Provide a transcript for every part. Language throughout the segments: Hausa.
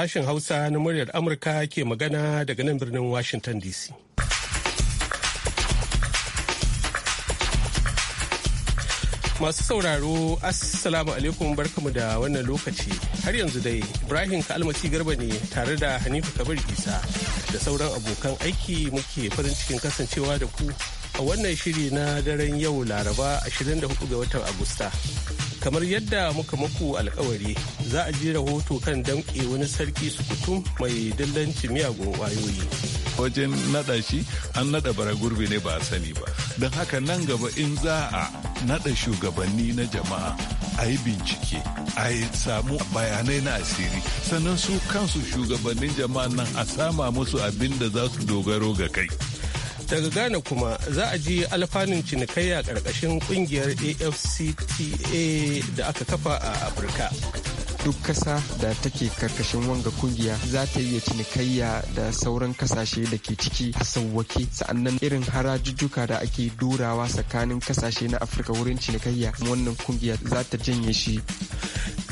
Sashen Hausa na muryar Amurka ke magana daga nan birnin Washington DC. Masu sauraro, Assalamu alaikum barkamu da wannan lokaci. Har yanzu dai, Ibrahim Kalmasi Garba ne tare da hanifa Kabir Isa da sauran abokan aiki muke farin cikin kasancewa da ku a wannan shiri na daren yau Laraba 24 ga watan Agusta. kamar yadda muka muku alkawari za a ji rahoto kan damƙe wani sarki sukutum mai dillanci miyagun ƙwayoyi. wajen naɗa shi an naɗa bara gurbi ne ba sani ba don haka nan gaba in za a naɗa shugabanni na jama'a a yi bincike a samu bayanai na asiri sannan su kansu shugabannin jama'a nan a sama musu abin da za su dogaro ga kai daga ghana kuma za a ji alfanun cinikayya ƙarƙashin ƙungiyar afcta da aka kafa a afirka duk ƙasa da take karkashin wanga kungiya za ta iya cinikayya da sauran kasashe da ke ciki a sauwake sa'annan irin harajujjuka da ake durawa tsakanin kasashe na afirka wurin cinikayya wannan kungiya za ta janye shi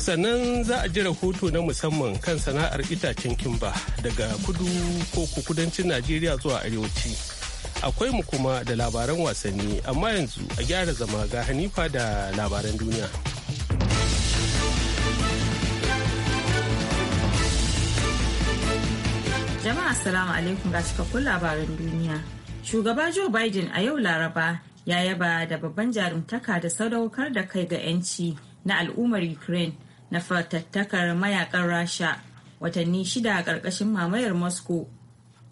sannan za a ji rahoto na musamman kan sana'ar itacen kimba daga kudu ko kudancin najeriya zuwa arewaci akwai mu kuma da labaran wasanni amma yanzu a gyara zama ga hanifa da labaran duniya jama'a assalamu alaikum ga cikakkun labaran duniya shugaba joe biden a yau laraba ya yaba da babban jarumtaka da sadaukar da kai ga 'yanci na al'ummar ukraine na fatattakar mayakan rasha watanni shida a ƙarƙashin mamayar moscow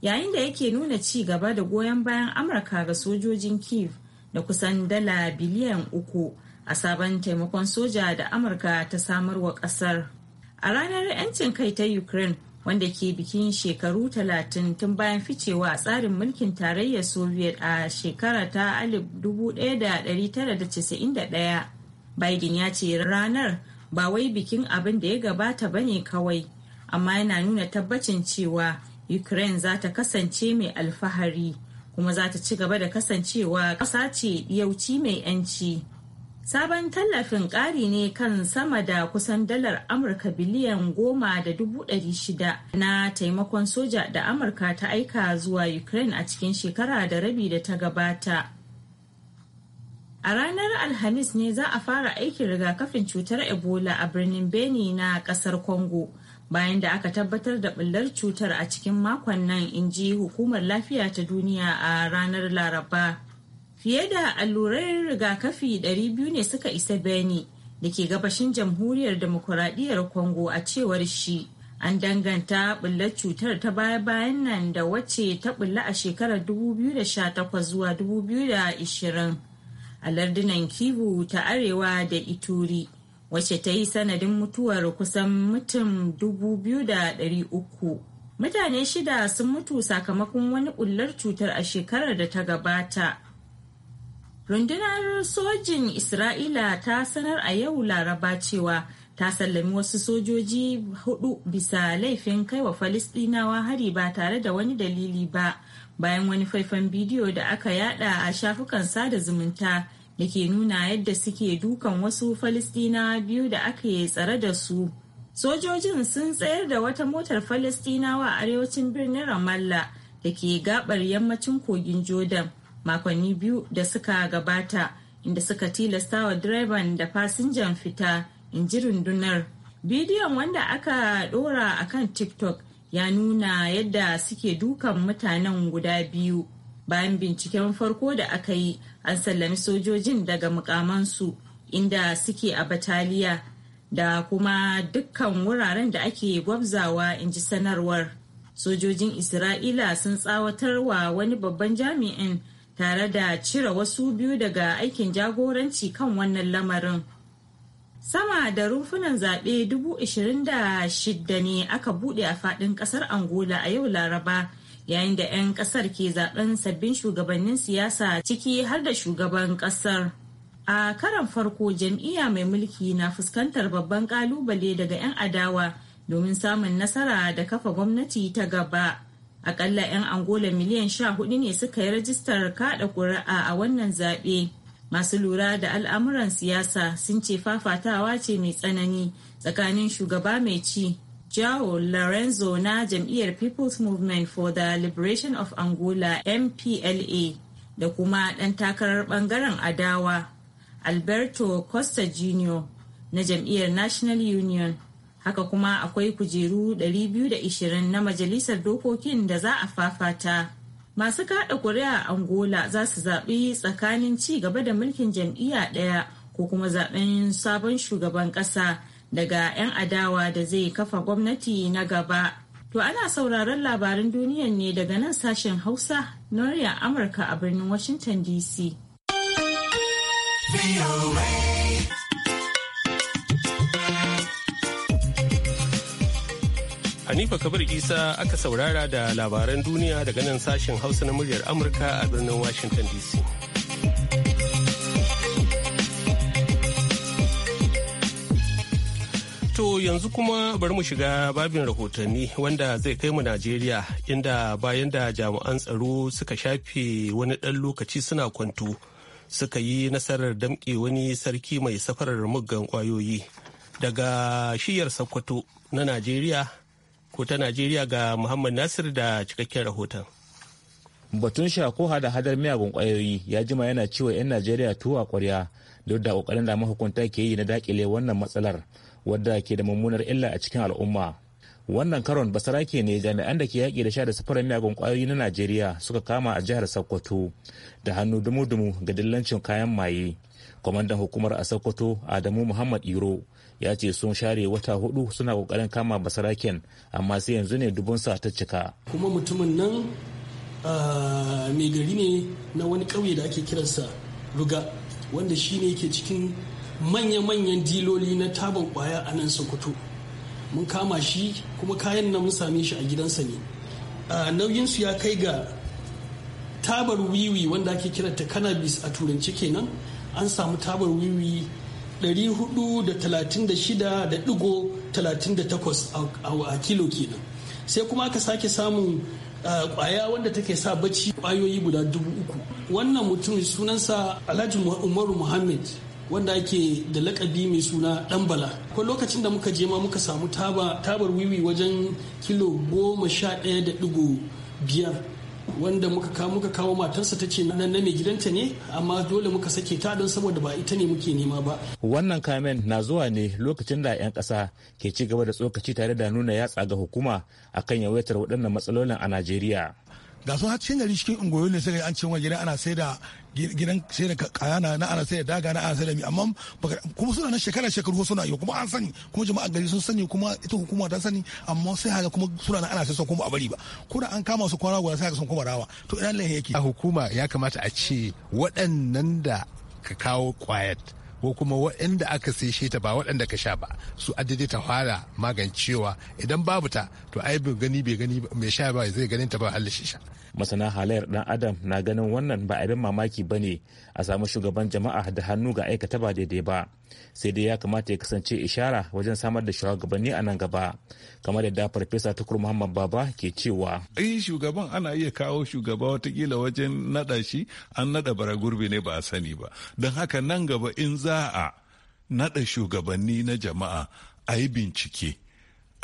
yayin da yake nuna ci gaba da goyon bayan amurka ga sojojin kiev da kusan dala biliyan uku a sabon taimakon soja da amurka ta samarwa wa kasar a ranar 'yancin kai ta ukraine wanda ke bikin shekaru 30 tun bayan ficewa a tsarin mulkin tarayyar soviet a shekara ta 1991 biden ya ce ranar ba wai bikin abin da ya gabata bane kawai amma yana nuna tabbacin cewa Ukraine za ta kasance mai alfahari kuma za ta ci gaba da kasancewa ƙasa ce yauci mai 'yanci. Sabon tallafin ƙari ne kan sama da kusan dalar Amurka biliyan goma da dubu ɗari shida na taimakon soja da Amurka ta aika zuwa Ukraine a cikin shekara da rabi da ta gabata. A ranar Alhamis ne za a fara aikin rigakafin cutar Ebola a birnin Beni na ƙasar Congo. bayan da aka tabbatar da bullar cutar a cikin makon nan in ji hukumar lafiya ta duniya a ranar laraba fiye da allurai rigakafi 200 ne suka isa beni da ke gabashin jamhuriyar demokuraɗiyyar congo a cewar shi an danganta bullar cutar ta baya-bayan nan da wace ta ɓulla a shekarar 2018 zuwa 2020 a lardunan kivu ta arewa da ituri wacce ta yi sanadin mutuwar kusan mutum 2,300 mutane shida sun mutu sakamakon wani ƙullar cutar a shekarar da ta gabata rundunar sojin isra'ila ta sanar a yau laraba cewa ta sallami wasu sojoji hudu bisa laifin kaiwa falistinawa hari ba tare da wani dalili ba bayan wani faifan bidiyo da aka yada a shafukan sada zumunta da ke nuna yadda suke dukan wasu Falistina biyu da aka tsare da su. Sojojin sun tsayar da wata motar Falistinawa a arewacin birnin Ramallah da ke gabar yammacin kogin Jordan makonni biyu da suka gabata inda suka tilasta wa direban da fasinjan fita in ji rundunar. Bidiyon wanda aka dora a kan TikTok ya nuna yadda suke dukan mutanen guda biyu bayan binciken farko da aka yi an sallami sojojin daga mukamansu inda suke a bataliya da kuma dukkan wuraren da ake gwabzawa in ji sanarwar sojojin isra'ila sun tsawatar wa wani babban jami'in tare da cire wasu biyu daga aikin jagoranci kan wannan lamarin sama da rufunan zaɓe 26,000 ne aka buɗe a faɗin ƙasar angola a yau laraba yayin da 'yan kasar ke zaben sabbin shugabannin siyasa ciki har da shugaban kasar a karan farko jam'iyya mai mulki na fuskantar babban kalubale daga 'yan adawa domin samun nasara da kafa gwamnati ta gaba akalla 'yan angola miliyan sha hudu ne suka yi rajistar kaɗa ƙuri'a a wannan zaɓe masu lura da al'amuran siyasa sun ce fafatawa ce mai tsanani tsakanin shugaba mai ci Jao Lorenzo na jam'iyyar People's Movement for the Liberation of Angola MPLA da kuma ɗan takarar ɓangaren adawa Alberto Costa Jr. na jam'iyyar National Union. Haka kuma akwai kujeru 220 na majalisar dokokin da za a fafata. Masu kaɗa ƙuri'a Angola za su zaɓi tsakanin ci gaba da mulkin jam'iyya ɗaya ko kuma zaɓen sabon shugaban ƙasa. daga 'yan adawa da zai kafa gwamnati na gaba. To ana sauraron labaran duniyan ne daga nan sashen Hausa na Amurka a birnin Washington DC. Hanifa Kabir Isa aka saurara da labaran duniya daga nan sashen Hausa na muryar Amurka a birnin Washington DC. To yanzu kuma bari mu shiga babin rahotanni wanda zai kai mu Najeriya inda bayan da jami'an tsaro suka shafe wani ɗan lokaci suna kwanto suka yi nasarar damƙe wani sarki mai safarar muggan ƙwayoyi daga shiyar Sokoto na Najeriya ko ta Najeriya ga Muhammad Nasir da cikakken rahoton. Batun shako hada hadar miyagun ƙwayoyi ya jima yana cewa 'yan Najeriya tuwa ƙwarya duk da ƙoƙarin da mahukunta ke yi na daƙile wannan matsalar. wadda ke da mummunar illa a cikin al'umma wannan karon basarake ne jami'an da ke yaƙi da sha da safarar miyagun ƙwayoyi na najeriya suka kama a jihar sokoto da hannu dumu-dumu ga dillancin kayan maye kwamandan hukumar a sokoto adamu muhammad iro ya ce sun share wata hudu suna ƙoƙarin kama basaraken amma sai yanzu ne dubunsa ta cika kuma mutumin nan mai gari ne na wani ƙauye da ake kiransa ruga wanda shi ne yake cikin manya-manyan diloli na tabon kwaya a nan sokoto mun kama shi kuma kayan na mun same shi a gidansa ne nauyinsu ya kai ga tabar wiwi wanda ake ta cannabis a turanci kenan an samu tabar wiwi 436.38 a kilo kenan sai kuma aka sake samun kwaya wanda take sa bacci kwayoyi guda dubu uku wannan mutum sunansa alhaji umaru muhammad wanda ake da lakabi mai suna danbala ko lokacin da muka je ma muka samu tabar wiwi wajen kilo goma sha ɗaya da ɗigo biyar wanda muka kawo muka kawo matarsa ta ce nan na mai gidanta ne amma dole muka sake ta don saboda ba ita ne muke nema ba wannan kamen na zuwa ne lokacin da 'yan kasa ke ci gaba da tsokaci tare da nuna yatsa ga hukuma akan yawaitar waɗannan matsalolin a najeriya ga sun har cikin gari cikin ungoyo ne sai an ce wani gida ana sai da gidan sai da kaya na ana sai da daga na ana sai da mi amma kuma suna na shekara shekaru suna yi kuma an sani kuma jama'a gari sun sani kuma ita hukuma ta sani amma sai haka kuma suna na ana sai sun kuma a bari ba ko da an kama su kwana guda sai haka sun kuma rawa to ina lahi yake a hukuma ya kamata a ce waɗannan da ka kawo kwayat ko kuma waɗanda aka sai shi ta ba waɗanda ka sha ba su adadi ta fara magancewa idan babu ta to ai bai gani bai gani mai sha ba zai ganin ta ba halin shi sha masana halayyar dan adam na ganin wannan ba abin mamaki ba ne a samu shugaban jama'a da hannu ga aikata ba daidai ba sai dai ya kamata ya kasance ishara wajen samar da shugabanni a nan gaba kamar yadda farfesa tukur muhammad baba ke cewa ai shugaban ana iya kawo shugaba watakila wajen nada shi an nada bara gurbi ne ba a sani ba don haka nan gaba in za a nada shugabanni na jama'a a yi bincike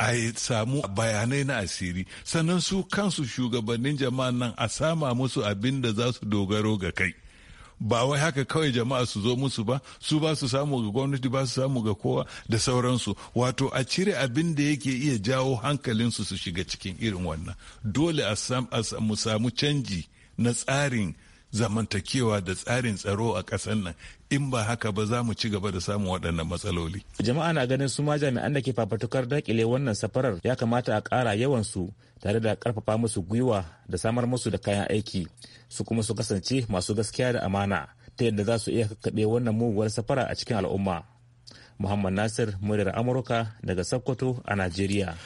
a samu bayanai na asiri sannan su kansu shugabannin jama'a nan a sama musu abin da za su dogaro ga kai ba wai haka kawai jama'a su zo musu ba su ba su samu ga gwamnati ba su samu ga kowa da sauransu wato a cire abin da yake iya jawo hankalinsu su shiga cikin irin wannan dole a mu samu canji na tsarin zamantakewa da tsarin tsaro a ƙasar nan in ba haka ba za mu ci gaba da samun waɗannan matsaloli. Jama'a na ganin su ma jami'an da ke fafatukar dakile wannan safarar ya kamata a ƙara yawan su tare da ƙarfafa musu gwiwa da samar musu da kayan aiki su kuma su kasance masu gaskiya da amana ta yadda za su iya kakkaɓe wannan muguwar safara a cikin al'umma. Muhammad Nasir, muryar Amurka daga Sokoto a Najeriya.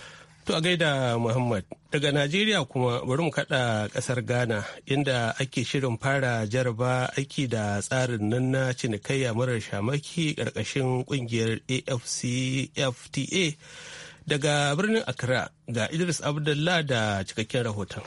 To a gaida Muhammad daga Najeriya kuma bari mu kada kasar Ghana inda ake shirin fara jaraba aiki da tsarin nan na cinikayya mara shamaki ƙarƙashin ƙungiyar AFCFTA daga birnin Accra ga Idris Abdullah da cikakken rahoton.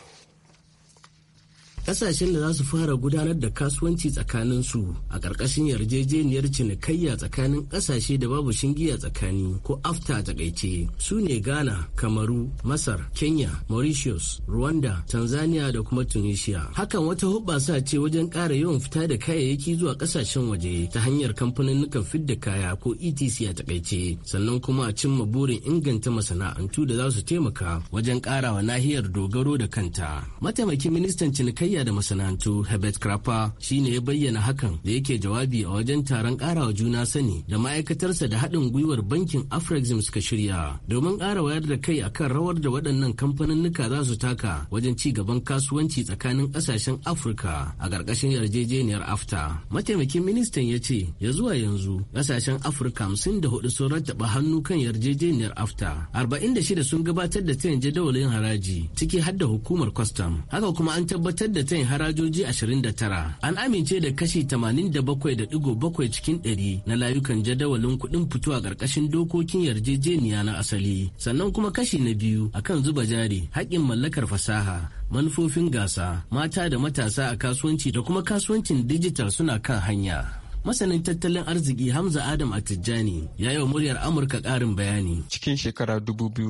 kasashen da za su fara gudanar da kasuwanci tsakanin su a ƙarƙashin yarjejeniyar cinikayya tsakanin ƙasashe da babu shingiya tsakani ko afta takaice su ne ghana kamaru masar kenya mauritius rwanda tanzania da kuma tunisia hakan wata hubbasa ce wajen ƙara yawan fita da kayayyaki zuwa ƙasashen waje ta hanyar kamfanin fidda kaya ko etc a takaice sannan kuma a cimma burin inganta masana'antu da za su taimaka wajen ƙarawa nahiyar dogaro da kanta mataimakin ministan cinikayya tarayya da masana'antu Herbert Krapa shine ya bayyana hakan da yake jawabi a wajen taron karawa juna sani da ma'aikatarsa da haɗin gwiwar bankin Afrexim suka shirya domin ƙara wayar da kai akan rawar da waɗannan kamfaninnika za su taka wajen ci gaban kasuwanci tsakanin ƙasashen Afirka a ƙarƙashin yarjejeniyar AFTA. Mataimakin ministan ya ce ya zuwa yanzu ƙasashen Afirka hamsin da hudu sun rattaba hannu kan yarjejeniyar AFTA. Arba'in da shida sun gabatar da tayin jadawalin haraji ciki har da hukumar kwastam. Haka kuma an tabbatar da da ta harajoji 29 an amince da kashi 87.7 cikin 100 na layukan jadawalin kuɗin fito a ƙarƙashin dokokin yarjejeniya na asali sannan kuma kashi na biyu akan zuba jari haƙƙin mallakar fasaha manufofin gasa mata da matasa a kasuwanci da kuma kasuwancin dijital suna kan hanya. Masanin tattalin arziki Hamza Adam atijani ya yi wa muryar Amurka ƙarin bayani. Cikin shekara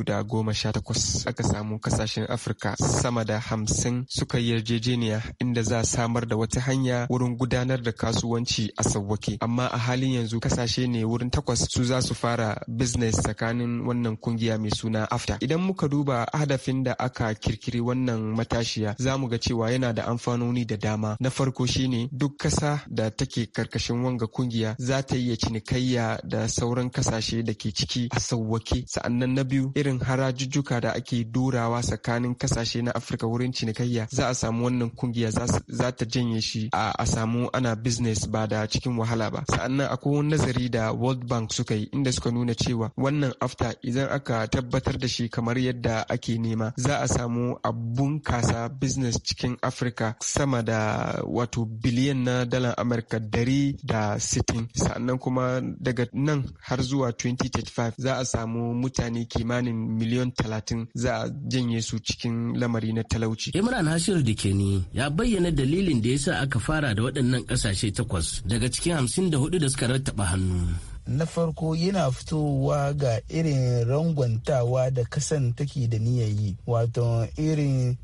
da goma sha takwas aka samu kasashen Afirka sama da hamsin suka yi yarjejeniya inda za a samar da wata hanya wurin gudanar da kasuwanci a sauwake. Amma a halin yanzu kasashe ne wurin takwas su za su fara biznes tsakanin wannan kungiya mai suna AFTA. Idan muka duba hadafin da aka kirkiri wannan matashiya za mu ga cewa yana da amfanoni da dama. Na farko shine duk kasa da take karkashin wanga kungiya za ta iya cinikayya da sauran kasashe da ke ciki a sauwake sa'annan na biyu irin harajujjuka da ake dorawa tsakanin kasashe na afirka wurin cinikayya za a samu wannan kungiya za ta janye shi a samu ana business ba da cikin wahala ba sa'annan akwai wani nazari da world bank suka yi inda suka nuna cewa wannan afta idan aka tabbatar da shi kamar yadda ake nema za a samu a bunkasa business cikin afirka sama da wato biliyan na dalar amurka dari da sitin sannan kuma daga nan har zuwa 2035 za a samu mutane kimanin miliyan talatin za a janye su cikin lamari na talauci. Imran Hashir Dikeni ya bayyana dalilin da ya sa aka fara da waɗannan ƙasashe takwas daga cikin hamsin da hudu da suka rattaba hannu. na farko yana fitowa ga irin rangwantawa da kasan take da niyayi wato irin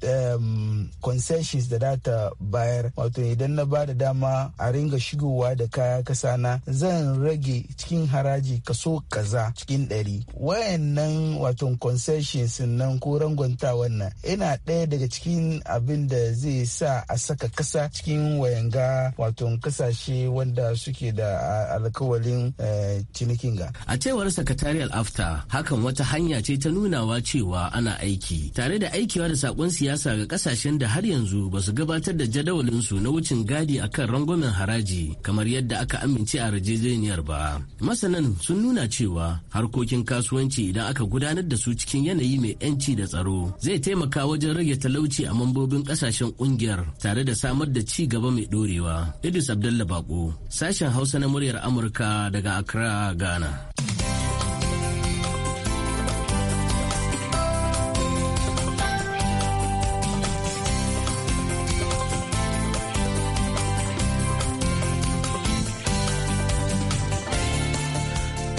concessions da data bayar wato idan na ba da dama a ringa shigowa da kaya kasana zan rage cikin haraji kaso kaza cikin ɗari wayannan wato concessions nan ko rangwantawan nan yana ɗaya daga cikin abin da zai sa a saka kasa cikin wayanga wato kasashe wanda suke da alkawalin eh, cinikin A cewar sakatariyar AFTA hakan wata hanya ce ta nunawa cewa ana aiki tare da aikiwa da sakon siyasa ga kasashen da har yanzu ba su gabatar da jadawalin su na wucin gadi a kan rangwamen haraji kamar yadda aka amince a yarjejeniyar ba. Masanan sun nuna cewa harkokin kasuwanci idan aka gudanar da su cikin yanayi mai 'yanci da tsaro zai taimaka wajen rage talauci a mambobin kasashen kungiyar tare da samar da ci gaba mai dorewa. Idris Abdallah Bako, sashen Hausa na muryar Amurka daga Accra. Accra, Ghana.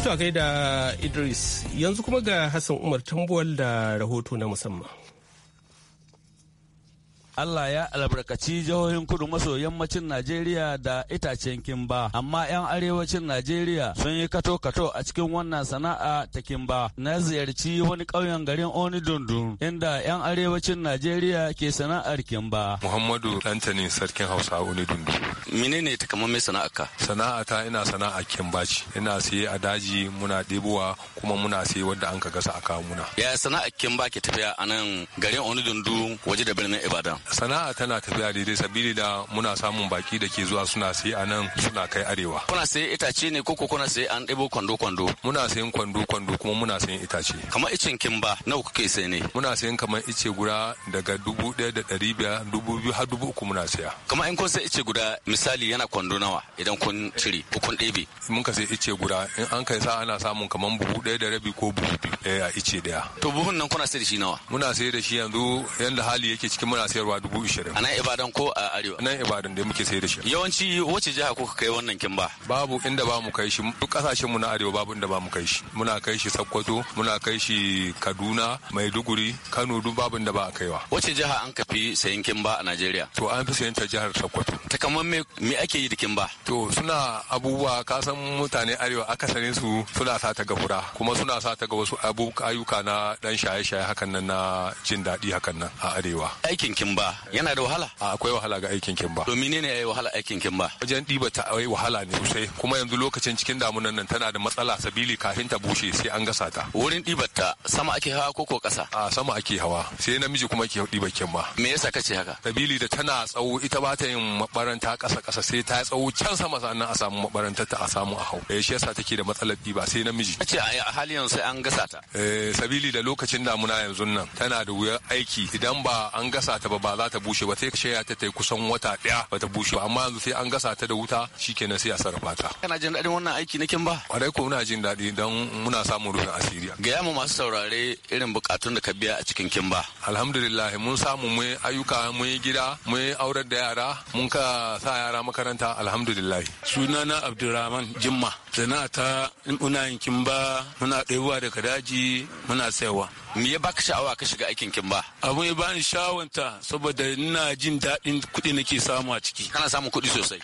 To da Idris yanzu kuma ga Hassan Umar Tambuwal da rahoto na musamman. Allah ya albarkaci jihohin kudu maso yammacin Najeriya da itacen kimba, amma 'yan arewacin Najeriya sun yi kato-kato a cikin wannan sana'a ta kimba. Na ziyarci wani ƙauyen garin Oni Dundun inda 'yan arewacin Najeriya ke sana'ar kimba. Muhammadu Dantani sarkin Hausa Oni Dundun. Menene ta kamar mai sana'a ka? Sana'a ta ina sana'a kimba ce. Ina siye a daji muna ɗebowa kuma muna siye wadda an ka gasa a muna. Ya sana'a kimba ke tafiya a nan garin Oni Dundun waje da birnin Ibadan. sana'a tana tafiya daidai sabili da muna samun baki da ke zuwa suna sai a nan suna kai arewa kuna sai itace ne koko kuna sai an ɗebo kwando kwando muna sayan kwando kwando kuma muna sayan itace kamar icen ba nawa kuke sai ne muna sayan kamar ice guda daga dubu ɗaya da ɗari biyar dubu biyu har dubu uku muna saya kamar in kun sai ice guda misali yana kwando nawa idan kun cire ko kun ɗebe mun ka sai ice guda in an kai sa ana samun kamar buhu ɗaya da rabi ko buhu biyu ɗaya eh, a ice ɗaya to buhun nan kuna sai da shi nawa muna sai da shi yanzu yanda hali yake cikin muna sayarwa kimba dubu ishirin. A nan Ibadan ko a Arewa? Nan Ibadan da muke sai da shi. Yawanci wace jiha kuka kai wannan kimba? Babu inda ba mu kai shi duk kasashen mu na Arewa babu inda ba mu kai shi. Muna kai shi Sokoto, muna kai shi Kaduna, Maiduguri, Kano duk babu inda ba a kaiwa. Wace jiha an kafi kin kimba a Najeriya? To an fi sayin ta jihar Sokoto. Takamman me ake yi da kimba? To suna abubuwa ka san mutane Arewa akasarin su suna sa ta ga fura kuma suna sa ta ga wasu ayyuka na dan shaye-shaye hakan nan na jin daɗi hakan nan a Arewa. Aikin kimba yana da wahala a akwai wahala ga aikin kimba to menene yayi wahala aikin kimba wajen diba ta ai wahala ne sosai kuma yanzu lokacin cikin damunan nan tana da matsala sabili kafin ta bushe sai an gasa ta wurin dibar ta sama ake hawa ko ko kasa a sama ake hawa sai namiji kuma ke dibar kimba me yasa kace haka sabili da tana tsawo ita ba ta yin mabaranta kasa kasa sai ta tsawo can sama sannan a samu mabaranta ta a samu a hau eh shi yasa take da matsalar diba sai namiji kace a yanzu sai an gasa ta eh sabili da lokacin damuna yanzu nan tana da wuyar aiki idan ba an gasa ta ba ba za ta bushe ba sai shaya ta tai kusan wata ɗaya ba ta bushe ba amma yanzu sai an gasa ta da wuta shikenan sai a sarrafa ta kana jin daɗin wannan aiki na kin ba kwarai ko muna jin daɗi don muna samun rufin asiriya? ga yamu masu saurare irin bukatun da ka biya a cikin kin ba alhamdulillah mun samu mu ayyuka mu gida mu aurar da yara mun ka sa yara makaranta alhamdulillah sunana abdulrahman jimma sana'a ta muna yankin ba muna ɗebuwa daga daji muna saiwa me ya baka sha'awa ka shiga aikin kin ba abu ya bani sha'awanta saboda ina jin daɗin kuɗi nake samu a ciki kana samun kuɗi sosai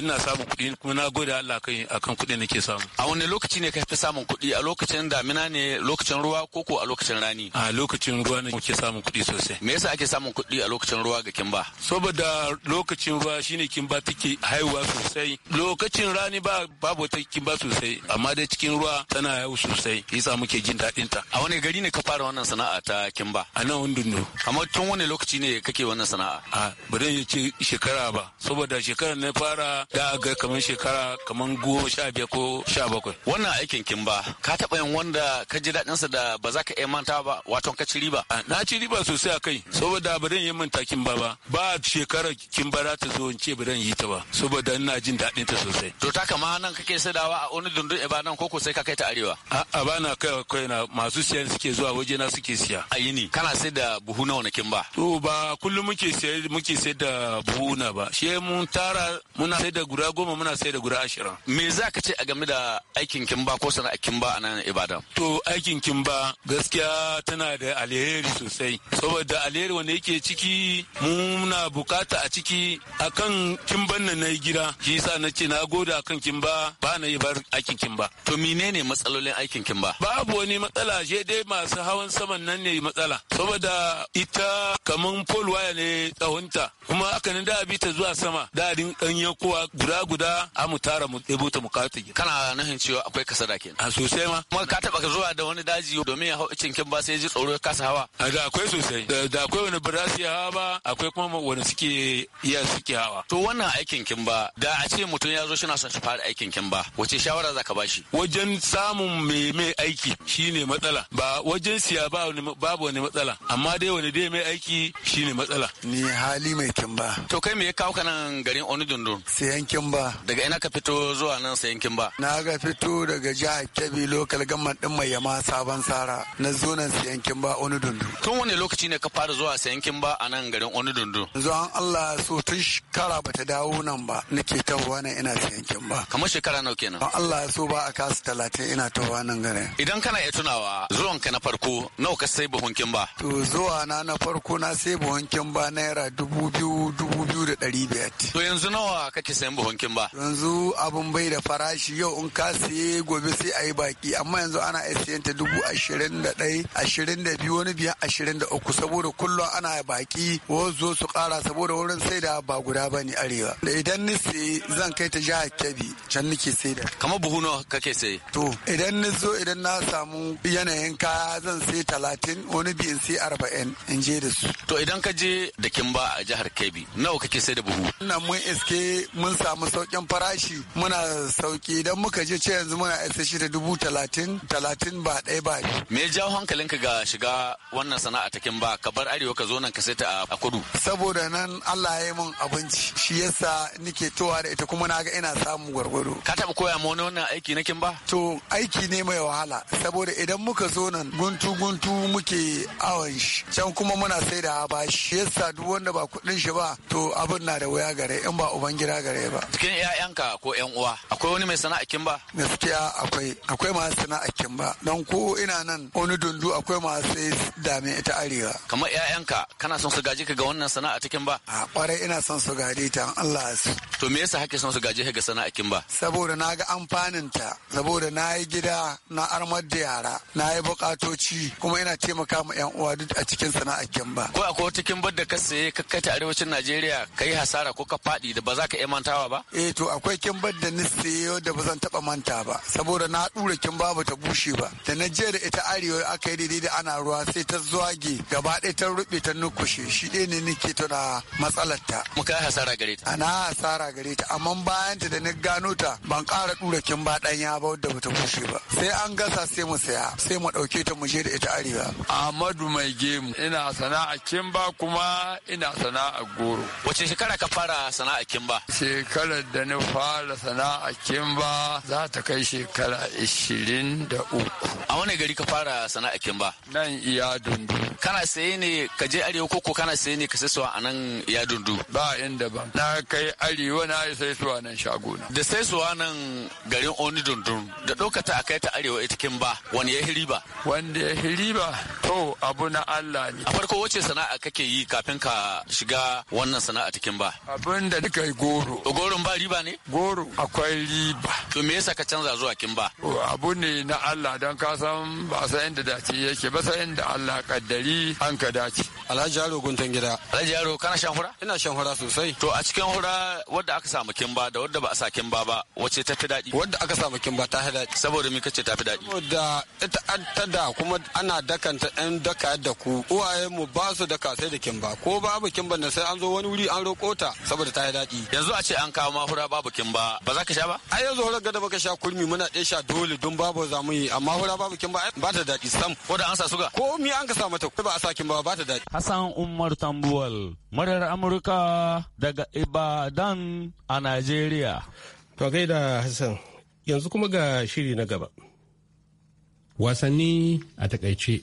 ina samun kuɗi kuma na gode Allah kan akan kuɗi nake samu a wani lokaci ne ka fi samun kuɗi a lokacin damina ne lokacin ruwa ko ko a lokacin rani a lokacin ruwa ne kuke samun kuɗi sosai me yasa ake samun kuɗi a lokacin ruwa ga ba saboda lokacin ruwa shine ba take haihuwa sosai lokacin rani ba babu ta ba sosai amma dai cikin ruwa tana haihu sosai yasa muke jin daɗin ta a wani gari ne ka fara wannan sana'a ta kimba? A nan wani dundu. Amma tun wani lokaci ne kake wannan sana'a? A ba zan ce shekara ba, saboda shekara na fara da ga kamar shekara kamar goma sha biyar ko sha bakwai. Wannan aikin kimba, ka taɓa yin wanda ka ji sa da ba za ka iya manta ba, wato ka ci riba? Na ci riba sosai a kai, saboda ba zan yi manta kimba ba. Ba shekarar kimba za ta zo in ce ba zan yi ta ba, saboda ina jin daɗin ta sosai. To ta kama nan kake sadawa a wani dundun ibadan ko ko sai ka kai ta arewa? A ba na kai kai na masu siyan suke zuwa waje na suke siya a yini kana sai da buhu na wanakin ba to ba kullum muke sai muke sai da buhu na ba shi mun tara muna sai da guda goma muna sai da guda ashirin me za ka ce a game da aikin kimba ko sana'ar kimba a nan ibadan to aikin kimba gaskiya tana da alheri sosai saboda alheri wanda yake ciki muna bukata a ciki akan kimban nan na gida shi yasa na ce na goda akan kimba ba na yi bar aikin kimba to menene matsalolin aikin kimba babu wani matsala she dai masu hawa hawan saman nan ne matsala saboda ita kaman pole waya ne tsahonta kuma aka ne da bi ta zuwa sama da din dan yankowa guda guda a mu tara mu debo ta mu kawo ta kana nan cewa akwai kasada kenan a sosai ma kuma ka taba zuwa da wani daji domin ya hau kin ba sai ji tsoro ka kasa hawa a da akwai sosai da akwai wani ba hawa ba akwai kuma wani suke iya suke hawa to wannan aikin kin ba da a ce mutum ya zo shina na son shi fara aikin kin ba wace shawara za ka ba shi wajen samun mai mai aiki shine matsala ba wajen gaskiya babu wani matsala amma dai wani dai mai aiki shine matsala ni hali mai kimba to kai me ya kawo kana garin onidundun sayan kimba daga ina ka fito zuwa nan sayan kimba na ga fito daga jihar kebbi lokal gamman din mai yama sabon sara na zo nan sayan kimba onidundun tun wani lokaci ne ka fara zuwa sayan kimba a nan garin onidundun zuwan allah so tun shekara bata dawo nan ba nake tahowa nan ina sayan kimba kamar shekara nawa kenan allah so ba a kasu talatin ina tahowa nan garin idan kana iya tunawa ka na farko nawa ka sai buhun ba? To zuwa na na farko na sai buhun ba naira dubu biyu dubu biyu da ɗari biyar. To yanzu nawa kake sayan buhun ba? Yanzu abun bai da farashi yau in ka saye gobe sai a yi baki amma yanzu ana iya ta dubu ashirin da ɗai ashirin da biyu wani biya ashirin da uku saboda kullum ana baki zo su ƙara saboda wurin sai da ba guda ba ne arewa. Da idan ni saye zan kai ta jihar Kebbi can nake sai da. Kamar buhu nawa kake sai? To idan ni zo idan na samu yanayin kaya zan sai talatin wani biyan sai arba'in in je da su. To idan ka je da kimba a jihar Kebbi nawa kake sai da buhu? Nan mun iske mun samu sauƙin farashi muna sauƙi idan muka je ce yanzu muna isa shi da dubu talatin talatin ba ɗaya ba. Me ya jawo hankalinka ga shiga wannan sana'a ta kimba ka bar arewa ka zo nan ka sai ta a kudu? Saboda nan Allah ya yi mun abinci shi yasa nike towa da ita kuma na ga ina samun gwargwaro. Ka taɓa koya ma wani wannan aiki na kimba? To aiki ne mai wahala saboda idan muka zo nan guntu guntu muke awon shi can kuma muna sai da ba shi yasa duk wanda ba kuɗin shi ba to abin na da wuya gare in ba uban gida gare ba cikin ƴaƴanka ko ƴan uwa akwai wani mai sana'a kin ba gaskiya akwai akwai masu sana'a kin ba don ko ina nan wani dundu akwai masu dame ita arewa kamar ƴaƴanka kana son su gaji ka ga wannan sana'a cikin ba a kwarai ina son su gaji ta Allah ya su to me yasa hake son su gaji ga sana'a kin ba saboda na ga amfanin ta saboda na yi gida na armar da yara na yi bukatoci kuma yana taimaka ma yan uwa duk a cikin sana'ar ba. ko akwai wata kimbar da ka saye ka kai ta arewacin Najeriya kai hasara ko ka fadi da ba za ka iya ba eh to akwai kimbar da ni saye da ba zan taba manta ba saboda na dura kimba ba ta bushe ba da na je da ita arewa aka yi daidai da ana ruwa sai ta zuwage gaba ɗaya ta rube ta nukushe shi ɗaya ne nake tuna matsalar ta muka hasara gare ta ana hasara gare ta amma bayan ta da na gano ta ban ƙara dura kimba ɗanya ba wadda ba ta bushe ba sai an gasa sai mu saya sai mu ɗauke ta mu je da ita arewa. Ahmadu mai gemu ina sana'a kimba kuma ina sana'a goro. Wace shekara ka fara sana'a kimba? Shekarar da na fara sana'a kimba za ta kai shekara ishirin da uku. A wani gari ka fara sana'a kimba? Nan iya dundu. Kana saye ne ka je arewa koko kana saye ne ka sai suwa a nan iya dundu? Ba inda ba. Na kai arewa na yi sai suwa nan shagona. Da sai suwa nan garin Oni dundun da ɗaukata a kai ta arewa ita kimba wani ya riba. Wanda ya riba to abu na Allah ne. A farko wace sana'a kake yi kafin ka shiga wannan sana'a cikin ba? Abin da nika yi goro. To goron ba riba ne? Goro akwai riba. To me yasa ka canza zuwa kin ba? Abu ne na Allah don kasan san ba san inda dace yake ba san inda Allah kaddari an ka dace. Alhaji Yaro Guntun Gida. Alhaji Yaro kana shan hura? Ina shan hura sosai. To a cikin hura wadda aka samu kimba da wadda ba a sa kimba ba wacce ta fi daɗi? Wadda aka samu kimba ta fi daɗi. Saboda me kace ta fi daɗi? Saboda ita an ta da kuma ana dakanta ɗan daka da ku. Uwaye mu ba su daka sai da kimba ko babu kimba na sai an zo wani wuri an roƙo ta saboda ta fi daɗi. Yanzu a ce an kawo ma hura babu kimba ba za ka sha ba? Ai yanzu hura gada baka sha kurmi muna ɗaya sha dole don babu za mu yi amma hura babu kimba ba ta daɗi sam. Ko da an sa suga? Ko mi an ka sa mata ba a sa kimba ba ta daɗi. Hassan Umar Tambuwal, murar Amurka daga Ibadan a Najeriya. To gaida Hassan, yanzu kuma ga shiri na gaba. Wasanni a takaice.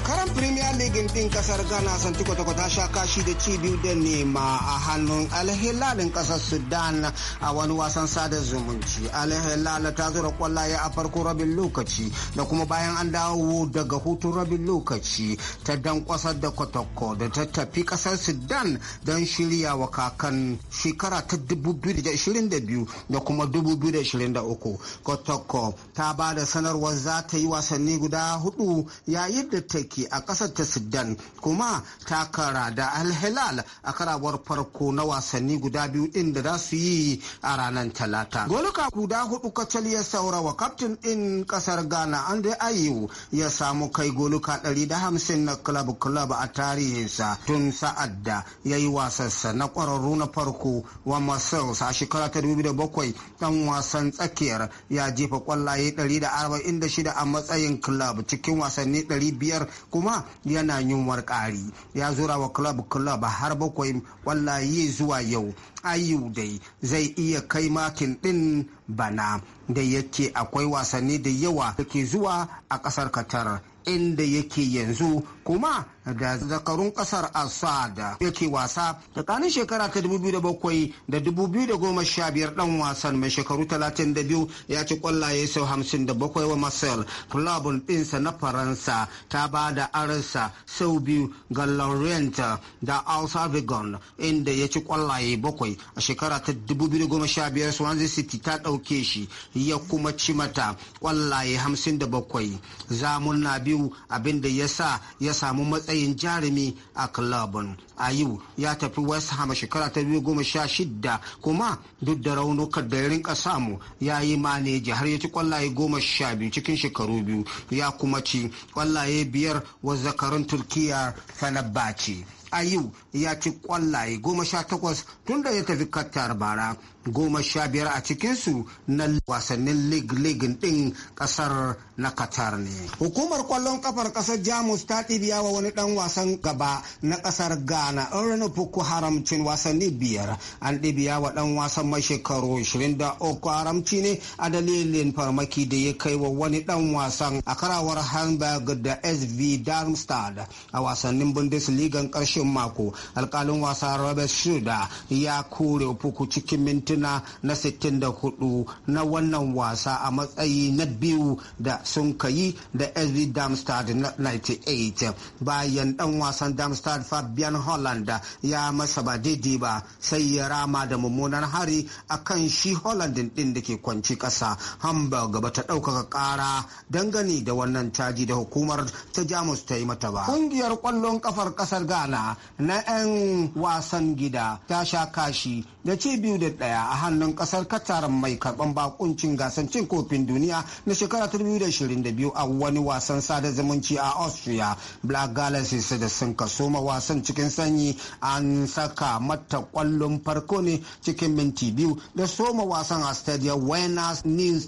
zakaran premier league din kasar ghana santi kwatakwa ta sha kashi da ci biyu da nema a hannun alhilalin kasar sudan a wani wasan sada zumunci alhilal ta zura kwallaye a farko rabin lokaci da kuma bayan an dawo daga hutun rabin lokaci ta dan kwasar da Kotoko da ta tafi kasar sudan don shirya wa kakan shekara ta 2022 da kuma 2023 Kotoko ta ba da sanarwar za ta yi wasanni guda hudu yayin da ta ke a kasar ta Sudan kuma ta kara da alhilal a karawar farko na wasanni guda biyu din da za su yi a ranar Talata. Goluka guda hudu kacal ya saurawa wa kaftin din kasar Ghana Andre Ayew ya samu kai goluka 150 na club club a tarihinsa tun sa'ad da ya yi wasansa na kwararru na farko wa muscles. a shekara ta 2007 dan wasan tsakiyar ya jefa kwallaye 146 a matsayin club cikin wasanni biyar. kuma yana yunwar ƙari ya zura wa club club har bakwai wallahi zuwa yau ayu dai zai iya kai makin din bana da yake akwai wasanni da yawa da ke zuwa a kasar katar inda yake yanzu kuma da zakarun kasar Assad yake wasa tsakanin shekara ta 2007 da 2015 dan wasan mai shekaru 32 ya ci kwallaye sau 57 wa Marcel club dinsa na Faransa ta ba da arsa sau biyu ga laurent da Alsavigon inda ya ci kwallaye bakwai a shekara ta 2015 Swansea City ta dauke shi ya kuma ci mata kwallaye 57 zamun na biyu abinda ya sa ya samu matsayi matsayin jarumi a clubin ayu ya tafi west ham shekara ta biyu goma sha shida kuma duk da raunukan da ya rinka samu ya yi maneji har ya ci kwallaye goma sha biyu cikin shekaru biyu ya kuma ci kwallaye biyar wa zakarun turkiya fenerbahce ayu ya ci kwallaye goma sha takwas tun da ya tafi kattar bara goma sha biyar a cikinsu na wasannin lig-lig ɗin ƙasar na qatar ne hukumar kwallon kafar ƙasar jamus ta ɗibiya wa wani ɗan wasan gaba na ƙasar ghana irin fuku haramcin wasanni biyar an ɗibiya wa ɗan wasan mai shekaru 23 haramci ne a dalilin farmaki da ya kai wa wani ɗan wasan a karawar hamburg da sv darmstadt a wasannin bundesliga ƙarshen mako alkalin wasan robert shuda ya kore fuku cikin minti mintuna na 64 na wannan wasa a matsayi na biyu da sun kayi da sv damstad na 98 bayan dan wasan damstad fabian holland ya masa ba daidai ba sai ya rama da mummunan hari a kan shi holland din da ke kwanci kasa hamburg ba ta ɗaukaka ƙara dangane da wannan caji da hukumar ta jamus ta yi mata ba kungiyar kwallon ƙafar ƙasar ghana na 'yan wasan gida ta sha kashi da ci biyu da ɗaya daya a hannun kasar qatar mai karban bakuncin gasar cin kofin duniya na shekara 2022 a wani wasan sada zumunci a austria black galaxies da sun kaso ma wasan cikin sanyi an saka mata kwallon farko ne cikin minti biyu da soma wasan a stadium Wenas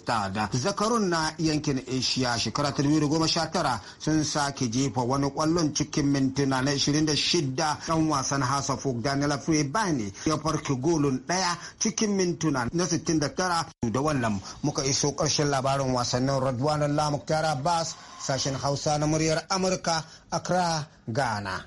da zakarun na yankin asia shekara 2019 sun sake jefa wani kwallon cikin mintuna na 26 dan wasan hasafo daniel afrey ya farki golin daya cikin cikin mintuna na 69 da wannan muka iso ƙarshen labarin wasannin Radwan Allah Tara, bas sashen Hausa na muryar Amurka Accra Ghana.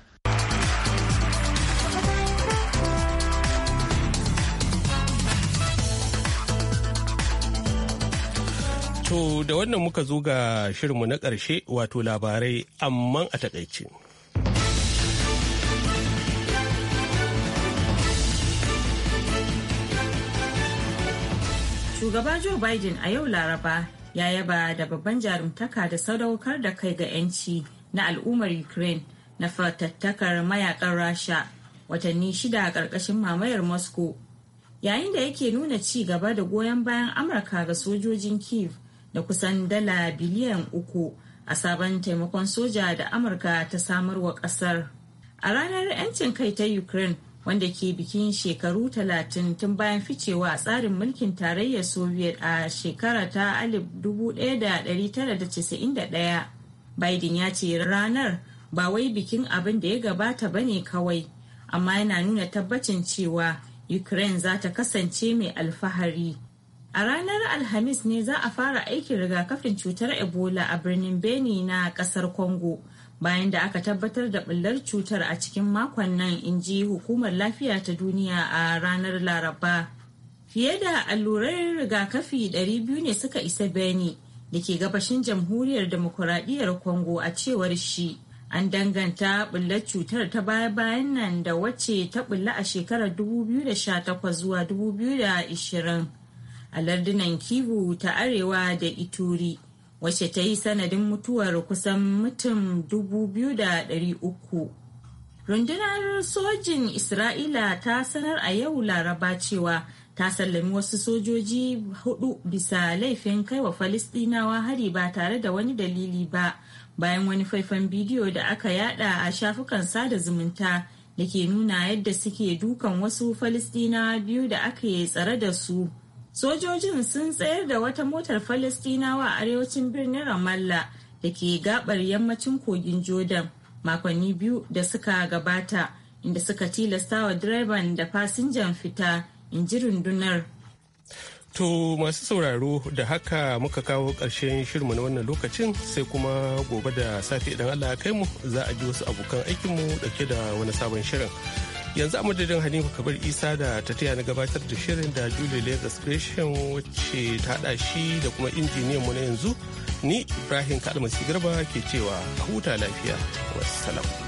To da wannan muka zo ga shirinmu na ƙarshe wato labarai amman a takaice. Shugaba Joe Biden a yau Laraba ya yaba da babban jarumtaka da sadaukar da kai ga 'yanci na al'ummar Ukraine na fatattakar mayakan Rasha watanni shida a ƙarƙashin mamayar Moscow. Yayin da yake nuna ci gaba da goyon bayan Amurka ga sojojin Kiev da kusan dala biliyan uku a sabon taimakon soja da Amurka ta samarwa ƙasar. A ranar 'yancin kai ta Ukraine, wanda ke bikin shekaru 30 tun bayan ficewa a tsarin mulkin tarayyar soviet a shekara ta 1991 biden ya ce ranar ba wai bikin abin da ya gabata ba ne kawai amma yana nuna tabbacin cewa ukraine za ta kasance mai alfahari a ranar alhamis ne za a fara aikin rigakafin cutar ebola a birnin beni na kasar congo bayan da aka tabbatar da bullar cutar a cikin makon nan in ji hukumar lafiya ta duniya a ranar laraba fiye da allurai rigakafi 200 ne suka isa beni da ke gabashin jamhuriyar demokuraɗiyyar congo a cewar shi an danganta bullar cutar ta baya-bayan nan da wacce ta bulla a shekarar 2018 zuwa 2020 a lardunan kivu ta arewa da ituri wacce ta yi sanadin mutuwar kusan mutum 2,300. Rundunar sojin Isra'ila ta sanar a yau Laraba cewa ta sallami wasu sojoji hudu bisa laifin kaiwa Falistinawa hari ba tare da wani dalili ba bayan wani faifan bidiyo da aka yada a shafukan sada zumunta da ke nuna yadda suke dukan wasu Falistinawa biyu da aka yi tsare da su. sojojin sun tsayar da wata motar falistinawa a arewacin birnin ramallah da ke gabar yammacin kogin jordan makonni biyu da suka gabata inda suka tilasta wa direban da fasinjan fita in ji rundunar To masu sauraro da haka muka kawo ƙarshen shirma na wannan lokacin sai kuma gobe da safe idan Allah ya kai mu za a ji wasu abokan aikinmu dauke da wani sabon shirin. yanzu a madadin hanifa kabar isa da ta taya na gabatar da shirin da julie lagos creation wacce ta hada shi da kuma injiniyan mu na yanzu ni ibrahim kalmasi garba ke cewa a huta lafiya salamu